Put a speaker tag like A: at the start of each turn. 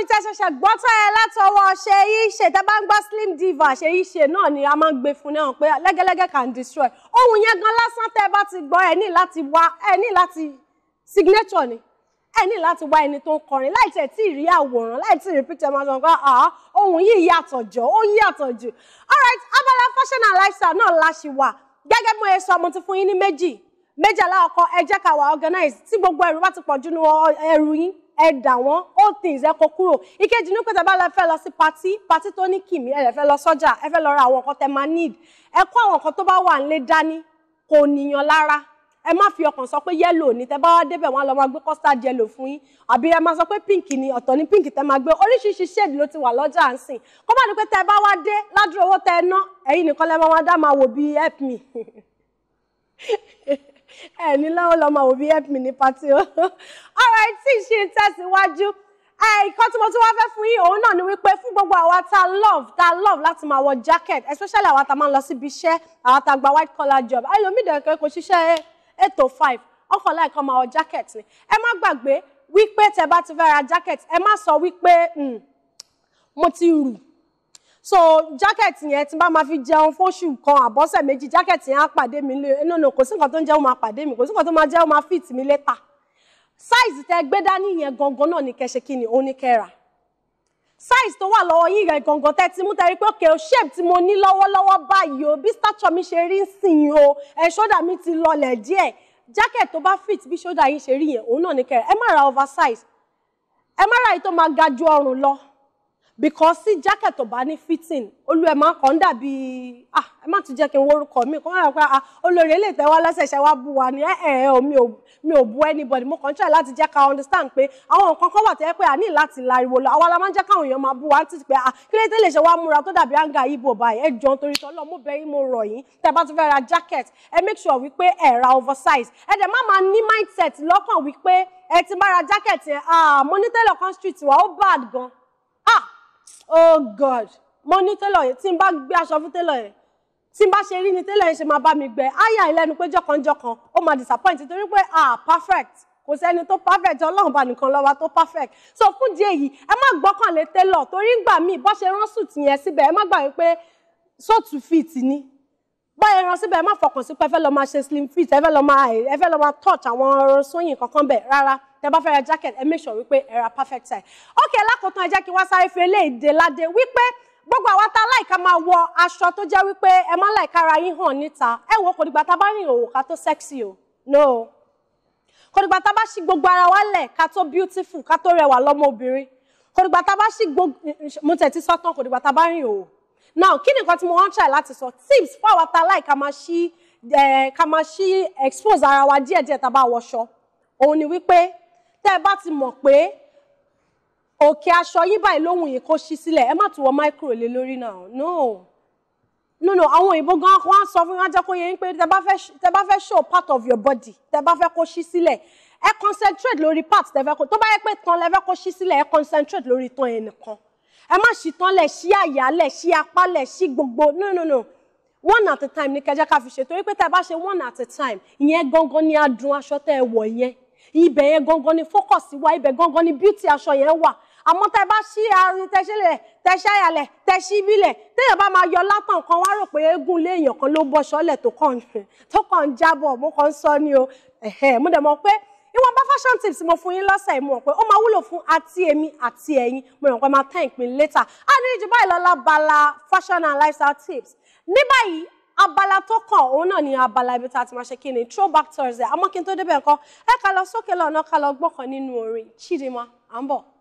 A: orin tẹ́ ṣẹ̀ṣẹ̀ gbọ́ tẹ́ ẹ látọwọ́ Ṣèyí Ṣe tẹ́ bá ń gbọ́ Slim Diva Ṣèyí Ṣe náà ni a máa ń gbé fún náà pé lẹ́gẹ́lẹ́gẹ́ can destroy ohun yẹn gan lásán tẹ́ bá ti gbọ́ ẹ ní láti wá ẹ ní láti signature ni ẹ ní láti wá ẹni tó ń kọrin láì tẹ̀ tí ì rí àwòrán láì tí ì rí picture máa sọ pé ohun yìí yàtọ̀ jọ ó yàtọ̀ jù all right abala fashion and lifestyle náà la ṣì wà gẹ́gẹ́ bí mo ṣe sọ mo ti fún yín ní méjì méjì aláwọ̀kọ ẹ jẹ́ ká wà organize tí gbogbo ẹrù bá ti pọ̀ jù nínú ẹrù yín ẹ dà wọ́n old things ẹ kó kúrò ìkejì ní pé tẹ́ bá lọ fẹ́ lọ sí patí patí tó ní kìmí ẹ lè fẹ́ lọ sọ́jà ẹ fẹ́ lọ ra àwọn nǹkan tẹ́ máa need ẹ kó àwọn nǹkan tó bá wà nílé dání kò níyàn lára ẹ má fi ọkàn sọ pé yẹ́lò ni tẹ́ bá wá débẹ̀ wọ́n lọ máa gbé custard yẹ́lò fún yín àbí ẹ máa sọ pé pink ni ọ̀tọ̀ ni pink tẹ́ máa gbé oríṣiríṣi shade ló ti wà lọ́jà ń sìn kó má ní pé tẹ́ bá wá dé ládùúrò owó tẹ́ ẹ ná ẹ̀yin nìkan lẹ́ máa wá dá máa wò bí help me. ẹ ní lọ́wọ́ lọ́mọ òbí help me ní pati o all right tí ṣe ń tẹ̀síwájú ìkan eh, tí mo tún wá fẹ́ fún yín òun náà ni wípé fún gbogbo àwa ta love ta love láti máa wọ jacket especially àwa ta máa ń lọ síbi iṣẹ́ àwa ta gba white collar job ayọ̀mídẹ̀ẹ́kẹ́ kò ṣiṣẹ́ eight to five ọkọ̀ láìkan máa wọ jacket ni ẹ má gbàgbé wípé tẹ bá ti fẹ́ ra jacket ẹ má sọ wípé hmm, mo ti rù so jákẹ́ẹ̀tì yẹn tí n bá máa fi jẹun fóṣù kan àbọ́sẹ̀ méjì jákẹ́ẹ̀tì yẹn á pàdé mi lé no no kò sí nǹkan tó ń jẹun máa pàdé mi kò sí nǹkan tó máa jẹun máa fit mi létà size tẹ gbé dání yẹn gangan náà ni kẹṣe kí ni ó ní kẹra size tó wà lọ́wọ́ yín yẹn gangan tẹ ti mú tẹ rí pé òkè shape tí mo ní lọ́wọ́lọ́wọ́ báyìí o bí stature mi ṣe rí ń sìn o ẹ̀ ṣọ́dà mi ti lọlẹ̀ díẹ̀ jacket tó bá fit bí ṣọ́dà yín ṣe rí yẹn òun náà ní kẹra ẹ má ra oversize ẹ má ra èyí tó máa ga ju ọrùn lọ because sí jacket ò bá ní fitting olú ẹ̀ máa kàn dàbí ah ẹ má tún jẹ́ kí n wórúkọ mi kàn wá pé ah olórí ilé ìtẹ́wá lẹ́sẹ̀ṣẹ̀ wá bú wa ni ẹ eh, ẹ eh, o mi ò mi ò bú anybody mo kàn try láti jẹ́ ká understand pé àwọn nǹkan kan wà tẹ́ pé a ní láti lariwo lọ àwa la máa ń jẹ́ káwọn èèyàn máa bú wa ń títí ah kí ló dé lè ṣe wá múra tó dàbí àǹgà ibo báyìí ẹ jọ nítorí tọ́lọ́ mo bẹ̀ yín mo rọ̀ yín tẹ́ bá tún fẹ́ ra jacket ẹ make sure wípé ẹ ra oversize ẹ dẹ̀ má máa ni mindset lọ́kàn wípé ẹ ti bá ra jacket ah mo ní tẹ́lọ̀ kan street wa ó bad gan oh god mo ní télọ̀ yẹn tí n bá gbé aṣọ fún télọ̀ yẹn tí n bá ṣe rí ni télọ̀ yẹn ṣe máa bá mi gbẹ áyà ìlẹ́nu pé jọ̀kanjọ̀kan ó máa disappoint torí pé ah perfect kò sẹ́ni tó perfect ọlọ́run bá nìkan lọ́wọ́ tó perfect so fún díẹ̀ yìí ẹ má gbọ́kànlé télọ̀ torí ń gbà míì bó ṣe rán sùt yẹn síbẹ̀ ẹ má gbà wípé sóòtù fìtì ni bọ́ ẹran síbẹ̀ ẹ má fọkàn sí pé ẹ fẹ́ lọ máa ṣe slim fit ẹ fẹ́ lọ máa ẹ fẹ́ lọ máa touch àwọn ọrọ̀ sóyìn kankan bẹ̀ rárá tẹ bá fẹ́ ra jacket ẹ make sure wípé ẹ ra perfect size ok lákòótán ẹ jẹ́ kí wá sáré fi eléyìí ládé wípé gbogbo àwa tá láìka máa wọ aṣọ tó jẹ́ wípé ẹ má láìka ara yín hàn níta ẹ wò kò dìgbà tá a bá rìn òwò ká tó sexy o no kò dìgbà tá a bá ṣí gbogbo ara wa lẹ̀ ká tó beautiful ká tó rẹwà lọ́mọ obìnrin kò dìgbà tá a bá ṣí gbogbo mo tẹ̀ ti sọ́tàn kò dìgbà tá a bá rìn òwò now kí ni nǹkan tí mo wọ́n try láti sọ tips fáwọn ta láì ká máa ṣí eh, ká máa ṣí expose ara wa díẹ̀díẹ̀ tá a bá wọṣọ òun ni wípé tẹ́ ẹ bá ti mọ̀ pé òkè aṣọ yín báyìí lóhùn yìí kó ṣí sílẹ̀ ẹ má tún wọ micro lé lórí náà no no no àwọn òyìnbó gan wọn á sọ fún wọn jẹ́ kó yé pé tẹ́ bá fẹ́ show part of your body tẹ́ bá fẹ́ kó ṣí sílẹ̀ ẹ concentrate lórí part tẹ́ fẹ́ kó tó bá yẹ pé tán lẹ fẹ́ kó ṣí sílẹ̀ ẹ concentrate lórí tán yẹn nìkan ẹ má ṣí tán lẹ̀ ṣí àyà lẹ̀ ṣí apá lẹ̀ ṣí gbogbo no no no one at a time ní kẹjá ká fi ṣe torí pé tá a bá ṣe one at a time ìyẹn gangan ni adùn aṣọ tẹ́ ẹ wọ̀ yẹn ibẹ̀ yẹn gangan ni focus wa ibẹ̀ gangan ni beauty aṣọ yẹn wà àmọ́ tẹ́ bá ṣí àárín tẹ́ṣẹ́lẹ̀ tẹ́ṣẹ́yàlẹ̀ tẹ́ṣíbílẹ̀ téèyàn bá máa yọ látàn kan wá rò pé eégún lé èèyàn kan ló bọ́ ṣọ́lẹ̀ tó kàn tó kàn mo kàn ń sọ ni o mo dẹ̀ mọ̀ pé ìwọ̀nba fashion tips mo fún yín lọ́sẹ̀ yìí mo rò pé ó máa wúlò fún àti èmi àti ẹ̀yin mo rò pé máa thank me later a ní jù báyìí lọ fashion and lifestyle tips ní báyìí abala tó kàn òun náà ni abala ibi tá a ti máa ṣe kí ni throwback thursday àmọ́ kí n tó débẹ̀ nǹkan ẹ ká lọ sókè lọ́nà ká lọ gbọ́kàn nínú orin chidinma à ń bọ̀.